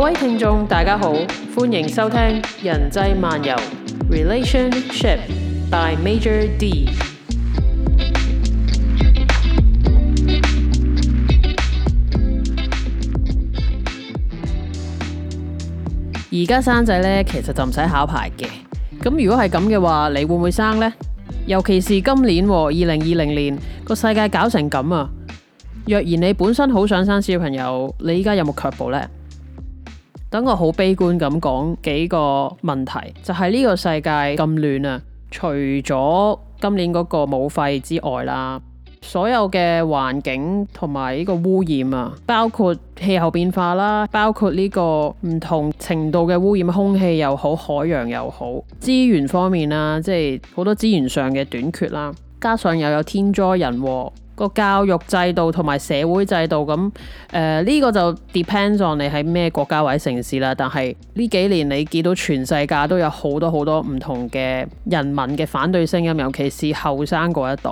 各位聽眾，大家好，歡迎收聽人際漫遊 Relationship by Major D。而家生仔呢，其實就唔使考牌嘅。咁如果係咁嘅話，你會唔會生呢？尤其是今年和二零二零年個世界搞成咁啊！若然你本身好想生小朋友，你依家有冇卻步呢？等我好悲觀咁講幾個問題，就係呢個世界咁亂啊！除咗今年嗰個武肺之外啦，所有嘅環境同埋呢個污染啊，包括氣候變化啦，包括呢個唔同程度嘅污染，空氣又好，海洋又好，資源方面啦，即係好多資源上嘅短缺啦，加上又有天災人禍。個教育制度同埋社會制度咁，誒呢、呃這個就 depends on 你喺咩國家或者城市啦。但係呢幾年你見到全世界都有好多好多唔同嘅人民嘅反對聲音，尤其係後生嗰一代。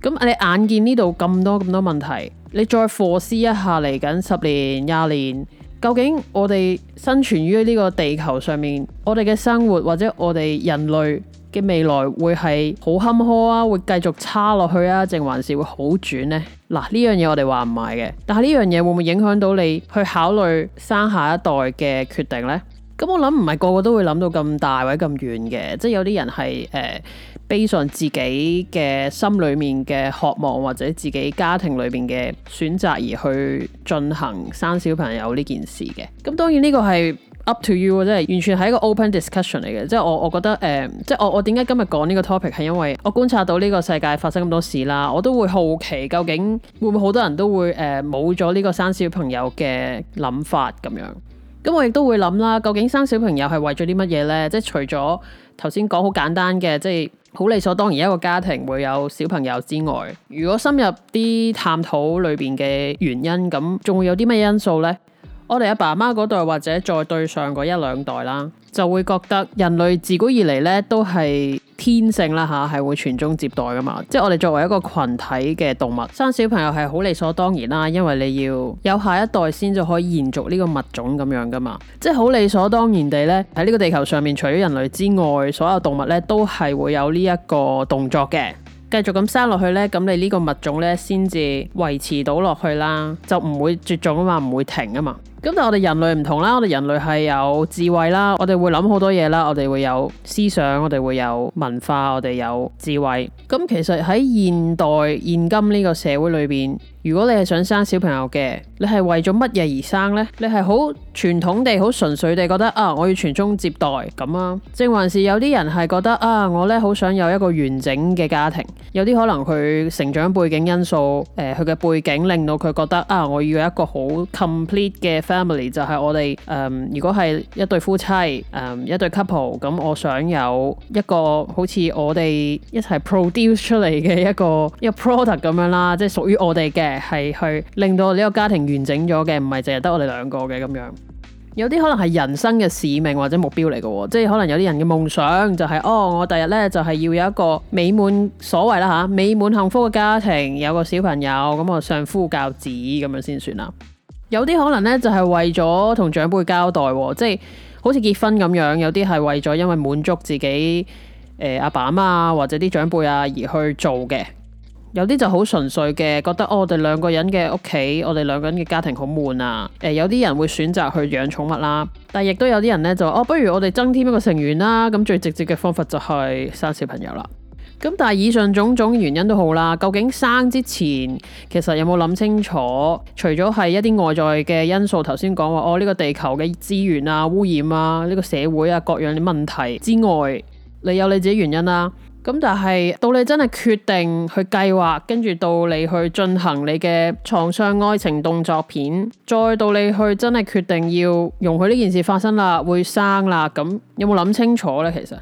咁你眼見呢度咁多咁多問題，你再課思一下嚟緊十年廿年，究竟我哋生存於呢個地球上面，我哋嘅生活或者我哋人類嘅未來會係好坎坷啊，會繼續差落去啊，定還是會好轉呢？嗱，呢樣嘢我哋話唔埋嘅，但係呢樣嘢會唔會影響到你去考慮生下一代嘅決定呢？咁我諗唔係個個都會諗到咁大或者咁遠嘅，即係有啲人係誒，背、呃、上自己嘅心裏面嘅渴望，或者自己家庭裏面嘅選擇而去進行生小朋友呢件事嘅。咁、嗯、當然呢個係 up to you，即係完全係一個 open discussion 嚟嘅。即係我我覺得誒、呃，即係我我點解今日講呢個 topic 係因為我觀察到呢個世界發生咁多事啦，我都會好奇究竟會唔會好多人都會誒冇咗呢個生小朋友嘅諗法咁樣。咁我亦都會諗啦，究竟生小朋友係為咗啲乜嘢呢？即係除咗頭先講好簡單嘅，即係好理所當然一個家庭會有小朋友之外，如果深入啲探討裏邊嘅原因，咁仲會有啲咩因素呢？我哋阿爸阿媽嗰代或者再對上嗰一兩代啦，就會覺得人類自古以嚟，呢都係。天性啦吓，係會傳宗接代噶嘛，即係我哋作為一個群體嘅動物，生小朋友係好理所當然啦，因為你要有下一代先，就可以延續呢個物種咁樣噶嘛，即係好理所當然地呢，喺呢個地球上面，除咗人類之外，所有動物呢都係會有呢一個動作嘅，繼續咁生落去呢，咁你呢個物種呢先至維持到落去啦，就唔會絕種啊嘛，唔會停啊嘛。咁但係我哋人類唔同啦，我哋人類係有智慧啦，我哋會諗好多嘢啦，我哋會有思想，我哋會有文化，我哋有智慧。咁其實喺現代現今呢個社會裏邊，如果你係想生小朋友嘅，你係為咗乜嘢而生呢？你係好傳統地好純粹地覺得啊，我要傳宗接代咁啊？正還是有啲人係覺得啊，我呢好想有一個完整嘅家庭。有啲可能佢成長背景因素，誒、呃，佢嘅背景令到佢覺得啊，我要一個好 complete 嘅。family 就係我哋誒、呃，如果係一對夫妻誒、呃，一對 couple，咁我想有一個好似我哋一齊 produce 出嚟嘅一個一個 product 咁樣啦，即係屬於我哋嘅，係去令到呢個家庭完整咗嘅，唔係淨係得我哋兩個嘅咁樣。有啲可能係人生嘅使命或者目標嚟嘅，即係可能有啲人嘅夢想就係、是、哦，我第日咧就係、是、要有一個美滿所謂啦吓，美滿幸福嘅家庭，有個小朋友，咁我相夫教子咁樣先算啦。有啲可能咧，就係、是、為咗同長輩交代、哦，即係好似結婚咁樣。有啲係為咗因為滿足自己誒阿、呃、爸阿媽，或者啲長輩啊而去做嘅。有啲就好純粹嘅，覺得、哦、我哋兩個人嘅屋企，我哋兩個人嘅家庭好悶啊。誒、呃，有啲人會選擇去養寵物啦，但亦都有啲人咧就哦，不如我哋增添一個成員啦。咁最直接嘅方法就係生小朋友啦。咁但係以上種種原因都好啦，究竟生之前其實有冇諗清楚？除咗係一啲外在嘅因素，頭先講話哦，呢個地球嘅資源啊、污染啊、呢個社會啊各樣嘅問題之外，你有你自己原因啦。咁但係到你真係決定去計劃，跟住到你去進行你嘅床上愛情動作片，再到你去真係決定要容許呢件事發生啦，會生啦，咁有冇諗清楚呢？其實？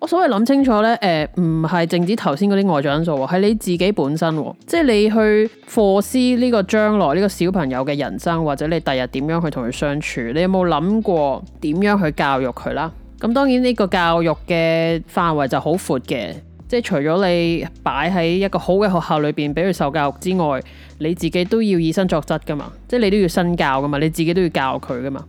我所謂諗清楚咧，誒、呃，唔係淨止頭先嗰啲外在因素喎，係你自己本身，即係你去 foresee 呢個將來呢、呢個小朋友嘅人生，或者你第日點樣去同佢相處，你有冇諗過點樣去教育佢啦？咁當然呢個教育嘅範圍就好闊嘅，即係除咗你擺喺一個好嘅學校裏邊，俾佢受教育之外，你自己都要以身作則噶嘛，即係你都要身教噶嘛，你自己都要教佢噶嘛。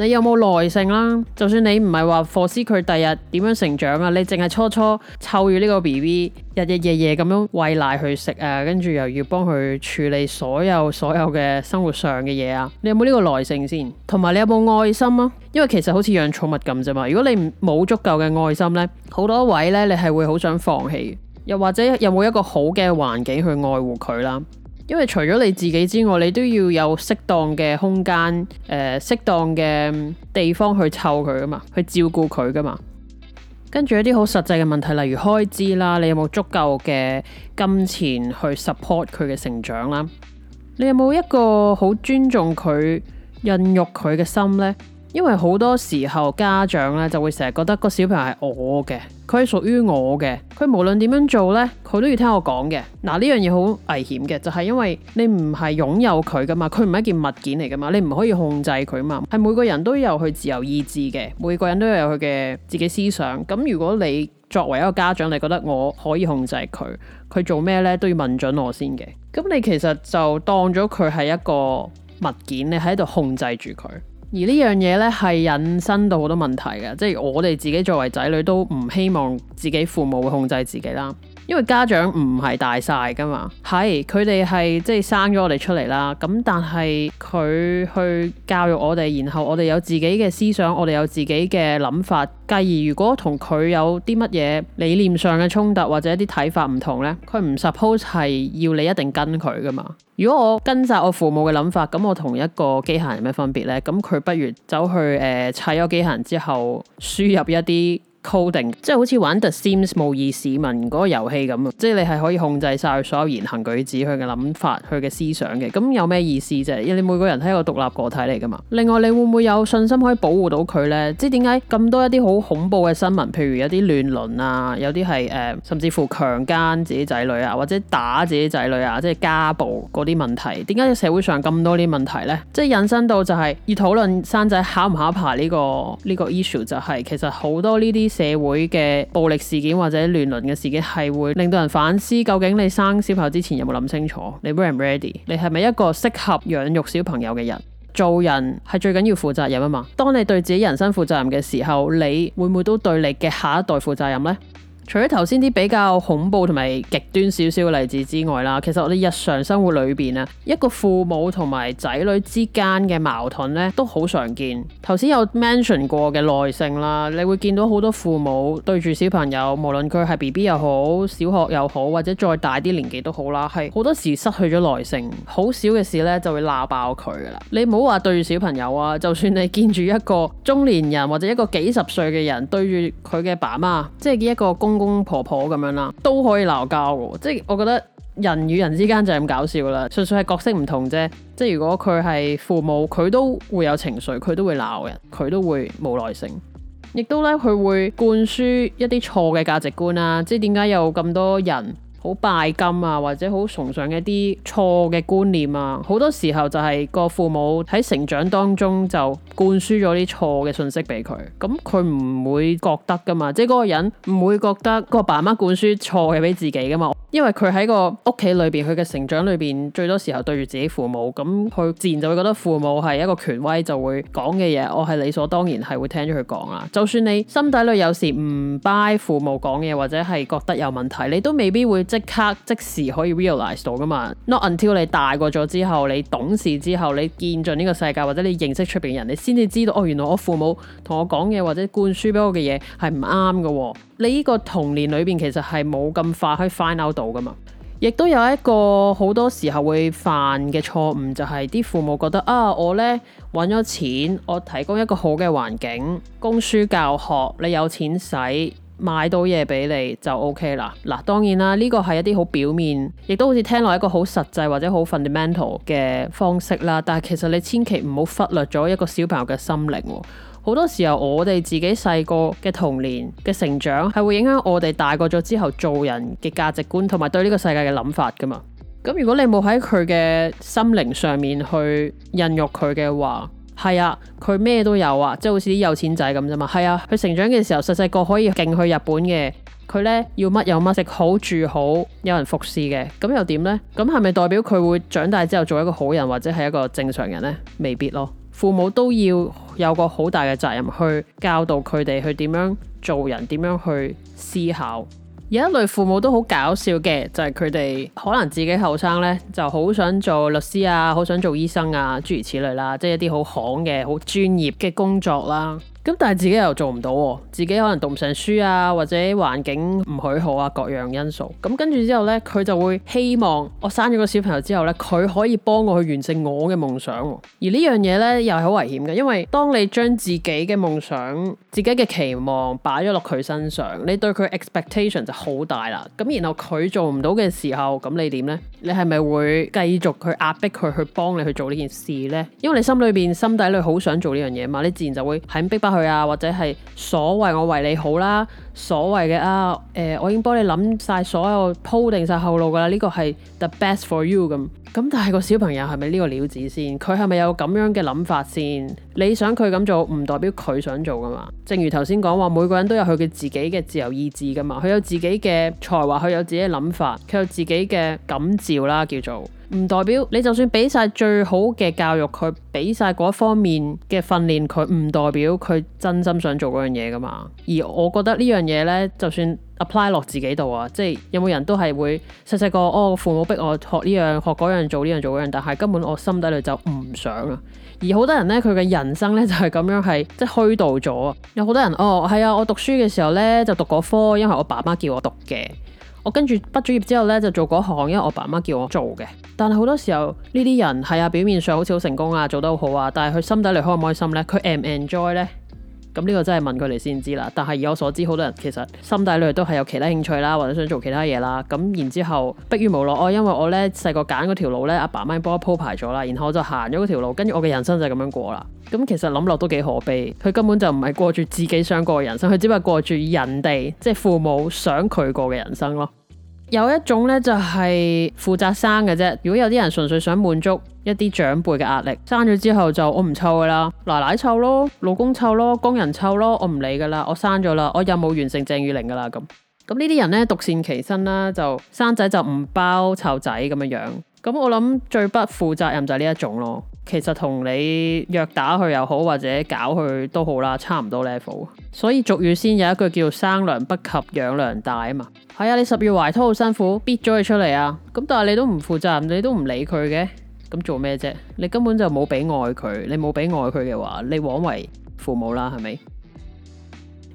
你有冇耐性啦？就算你唔係話 foresee 佢第日點樣成長啊，你淨係初初湊住呢個 BB，日日夜夜咁樣餵奶去食啊，跟住又要幫佢處理所有所有嘅生活上嘅嘢啊，你有冇呢個耐性先？同埋你有冇愛心啊？因為其實好似養寵物咁啫嘛。如果你冇足夠嘅愛心呢，好多位呢，你係會好想放棄。又或者有冇一個好嘅環境去愛護佢啦？因為除咗你自己之外，你都要有適當嘅空間，誒、呃、適當嘅地方去湊佢噶嘛，去照顧佢噶嘛。跟住一啲好實際嘅問題，例如開支啦，你有冇足夠嘅金錢去 support 佢嘅成長啦？你有冇一個好尊重佢、孕育佢嘅心呢？因為好多時候家長咧就會成日覺得個小朋友係我嘅，佢係屬於我嘅，佢無論點樣做呢，佢都要聽我講嘅。嗱，啊，呢樣嘢好危險嘅，就係，是，因為你唔係擁有佢噶嘛，佢唔係一件物件嚟噶嘛，你唔可以控制佢嘛。係每個人都有佢自由意志嘅，每個人都有佢嘅自己思想。咁如果你作為一個家長，你覺得我可以控制佢，佢做咩呢都要問准我先嘅。咁你其實就當咗佢係一個物件，你喺度控制住佢。而呢樣嘢咧，係引申到好多問題嘅，即係我哋自己作為仔女都唔希望自己父母會控制自己啦。因為家長唔係大曬噶嘛，係佢哋係即係生咗我哋出嚟啦，咁但係佢去教育我哋，然後我哋有自己嘅思想，我哋有自己嘅諗法，繼而如果同佢有啲乜嘢理念上嘅衝突或者一啲睇法唔同呢，佢唔 suppose 係要你一定跟佢噶嘛。如果我跟曬我父母嘅諗法，咁我同一個機械人有咩分別呢？咁佢不如走去誒砌咗機械人之後輸入一啲。coding 即係好似玩 The Sims 模擬市民嗰個遊戲咁，即係你係可以控制晒佢所有言行舉止、佢嘅諗法、佢嘅思想嘅。咁有咩意思啫？因為你每個人係一個獨立個體嚟㗎嘛。另外，你會唔會有信心可以保護到佢呢？即係點解咁多一啲好恐怖嘅新聞？譬如有啲亂倫啊，有啲係誒，甚至乎強姦自己仔女啊，或者打自己仔女啊，即係家暴嗰啲問題。點解社會上咁多啲問題呢？即係引申到就係要討論生仔考唔考牌呢個呢個 issue，就係其實好多呢啲。社會嘅暴力事件或者亂倫嘅事件係會令到人反思，究竟你生小朋友之前有冇諗清楚？你 ready 唔 ready？你係咪一個適合養育小朋友嘅人？做人係最緊要負責任啊嘛！當你對自己人生負責任嘅時候，你會唔會都對你嘅下一代負責任呢？除咗頭先啲比較恐怖同埋極端少少嘅例子之外啦，其實我哋日常生活裏邊啊，一個父母同埋仔女之間嘅矛盾咧都好常見。頭先有 mention 過嘅耐性啦，你會見到好多父母對住小朋友，無論佢係 BB 又好，小學又好，或者再大啲年紀都好啦，係好多時失去咗耐性，好少嘅事咧就會鬧爆佢噶啦。你唔好話對住小朋友啊，就算你見住一個中年人或者一個幾十歲嘅人對住佢嘅爸媽，即係一個公公婆婆咁樣啦，都可以鬧交嘅，即係我覺得人與人之間就係咁搞笑啦，純粹係角色唔同啫。即係如果佢係父母，佢都會有情緒，佢都會鬧人，佢都會冇耐性，亦都咧佢會灌輸一啲錯嘅價值觀啦，啊。即係點解有咁多人？好拜金啊，或者好崇尚一啲錯嘅觀念啊，好多時候就係個父母喺成長當中就灌輸咗啲錯嘅信息俾佢，咁佢唔會覺得噶嘛，即係嗰個人唔會覺得個爸媽灌輸錯嘅俾自己噶嘛。因為佢喺個屋企裏邊，佢嘅成長裏邊，最多時候對住自己父母，咁佢自然就會覺得父母係一個權威，就會講嘅嘢，我係理所當然係會聽咗佢講啦。就算你心底裏有時唔 buy 父母講嘢，或者係覺得有問題，你都未必會即刻即時可以 realize 到噶嘛。Not until 你大過咗之後， 你懂事之後，你見盡呢個世界，或者你認識出邊嘅人，你先至知道哦，原來我父母同我講嘢或者灌輸俾我嘅嘢係唔啱噶。你呢個童年裏邊其實係冇咁快可以 find out 到噶嘛，亦都有一個好多時候會犯嘅錯誤，就係啲父母覺得啊，我呢揾咗錢，我提供一個好嘅環境，供書教學，你有錢使，買到嘢俾你就 OK 啦。嗱、啊，當然啦，呢、這個係一啲好表面，亦都好似聽落一個好實際或者好 fundamental 嘅方式啦。但係其實你千祈唔好忽略咗一個小朋友嘅心靈喎、哦。好多時候，我哋自己細個嘅童年嘅成長係會影響我哋大個咗之後做人嘅價值觀，同埋對呢個世界嘅諗法噶嘛。咁如果你冇喺佢嘅心靈上面去孕育佢嘅話，係啊，佢咩都有啊，即係好似啲有錢仔咁啫嘛。係啊，佢成長嘅時候，細細個可以勁去日本嘅，佢呢要乜有乜，食好住好，有人服侍嘅。咁又點呢？咁係咪代表佢會長大之後做一個好人或者係一個正常人呢？未必咯，父母都要。有個好大嘅責任去教導佢哋去點樣做人，點樣去思考。有一類父母都好搞笑嘅，就係佢哋可能自己後生呢就好想做律師啊，好想做醫生啊，諸如此類啦，即係一啲好行嘅、好專業嘅工作啦。咁但係自己又做唔到，自己可能讀唔成書啊，或者環境唔許可啊，各樣因素。咁跟住之後咧，佢就會希望我生咗個小朋友之後咧，佢可以幫我去完成我嘅夢想。而呢樣嘢咧又係好危險嘅，因為當你將自己嘅夢想、自己嘅期望擺咗落佢身上，你對佢 expectation 就好大啦。咁然後佢做唔到嘅時候，咁你點咧？你係咪會繼續去壓迫佢去幫你去做呢件事咧？因為你心裏邊心底裏好想做呢樣嘢嘛，你自然就會喺逼佢啊，或者係所謂我為你好啦。所謂嘅啊，誒、呃，我已經幫你諗晒所有鋪定晒後路噶啦，呢、這個係 the best for you 咁。咁但係個小朋友係咪呢個料子先？佢係咪有咁樣嘅諗法先？你想佢咁做唔代表佢想做噶嘛？正如頭先講話，每個人都有佢嘅自己嘅自由意志噶嘛，佢有自己嘅才華，佢有自己嘅諗法，佢有自己嘅感召啦，叫做唔代表你就算俾晒最好嘅教育，佢俾晒嗰方面嘅訓練，佢唔代表佢真心想做嗰樣嘢噶嘛。而我覺得呢樣。嘢咧，就算 apply 落自己度啊，即係有冇人都係會細細個，哦，父母逼我學呢樣、學嗰樣、做呢樣、做嗰樣，但係根本我心底裏就唔想啊。而好多人咧，佢嘅人生咧就係咁樣，係即係虛度咗。有好多人，哦，係啊，我讀書嘅時候咧就讀嗰科，因為我爸媽叫我讀嘅。我跟住畢咗業之後咧就做嗰行，因為我爸媽叫我做嘅。但係好多時候呢啲人，係啊，表面上好似好成功啊，做得好好啊，但係佢心底裏開唔開心咧？佢唔 enjoy 咧？咁呢個真係問佢哋先知啦，但係以我所知，好多人其實心底裏都係有其他興趣啦，或者想做其他嘢啦。咁然之後迫於無奈，我、哦、因為我呢細個揀嗰條路呢，阿爸阿媽幫我鋪排咗啦，然後我就行咗嗰條路，跟住我嘅人生就咁樣過啦。咁、嗯、其實諗落都幾可悲，佢根本就唔係過住自己想過嘅人生，佢只係過住人哋即係父母想佢過嘅人生咯。有一種咧就係負責生嘅啫，如果有啲人純粹想滿足一啲長輩嘅壓力，生咗之後就我唔湊噶啦，奶奶湊咯，老公湊咯，工人湊咯，我唔理噶啦，我生咗啦，我任務完成鄭裕玲噶啦咁，咁呢啲人咧獨善其身啦，就生仔就唔包湊仔咁樣樣，樣，咁我諗最不負責任就係呢一種咯。其實同你虐打佢又好，或者搞佢都好啦，差唔多 level。所以俗語先有一句叫做生娘不及養娘大啊嘛。係、哎、啊，你十月懷胎好辛苦，逼咗佢出嚟啊，咁但係你都唔負責任，你都唔理佢嘅，咁做咩啫？你根本就冇俾愛佢，你冇俾愛佢嘅話，你枉為父母啦，係咪？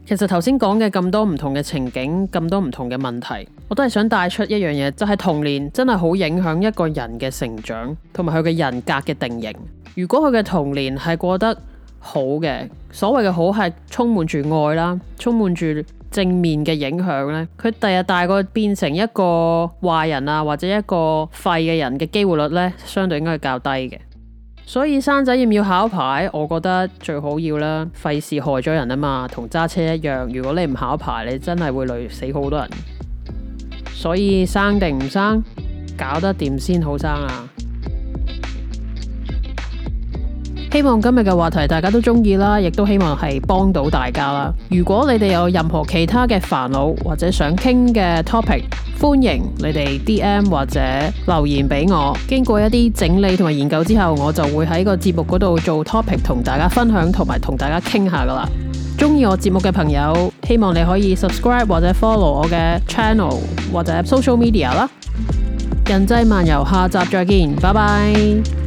其實頭先講嘅咁多唔同嘅情景，咁多唔同嘅問題，我都係想帶出一樣嘢，就係童年真係好影響一個人嘅成長，同埋佢嘅人格嘅定型。如果佢嘅童年係過得好嘅，所謂嘅好係充滿住愛啦，充滿住正面嘅影響咧，佢第日大個變成一個壞人啊，或者一個廢嘅人嘅機會率咧，相對應該係較低嘅。所以生仔要唔要考牌？我覺得最好要啦，費事害咗人啊嘛，同揸車一樣。如果你唔考牌，你真係會累死好多人。所以生定唔生，搞得掂先好生啊！希望今日嘅話題大家都中意啦，亦都希望係幫到大家啦。如果你哋有任何其他嘅煩惱或者想傾嘅 topic，歡迎你哋 DM 或者留言俾我，經過一啲整理同埋研究之後，我就會喺個節目嗰度做 topic 同大家分享，同埋同大家傾下㗎喇。中意我節目嘅朋友，希望你可以 subscribe 或者 follow 我嘅 channel 或者 social media 啦。人際漫遊下集再見，拜拜。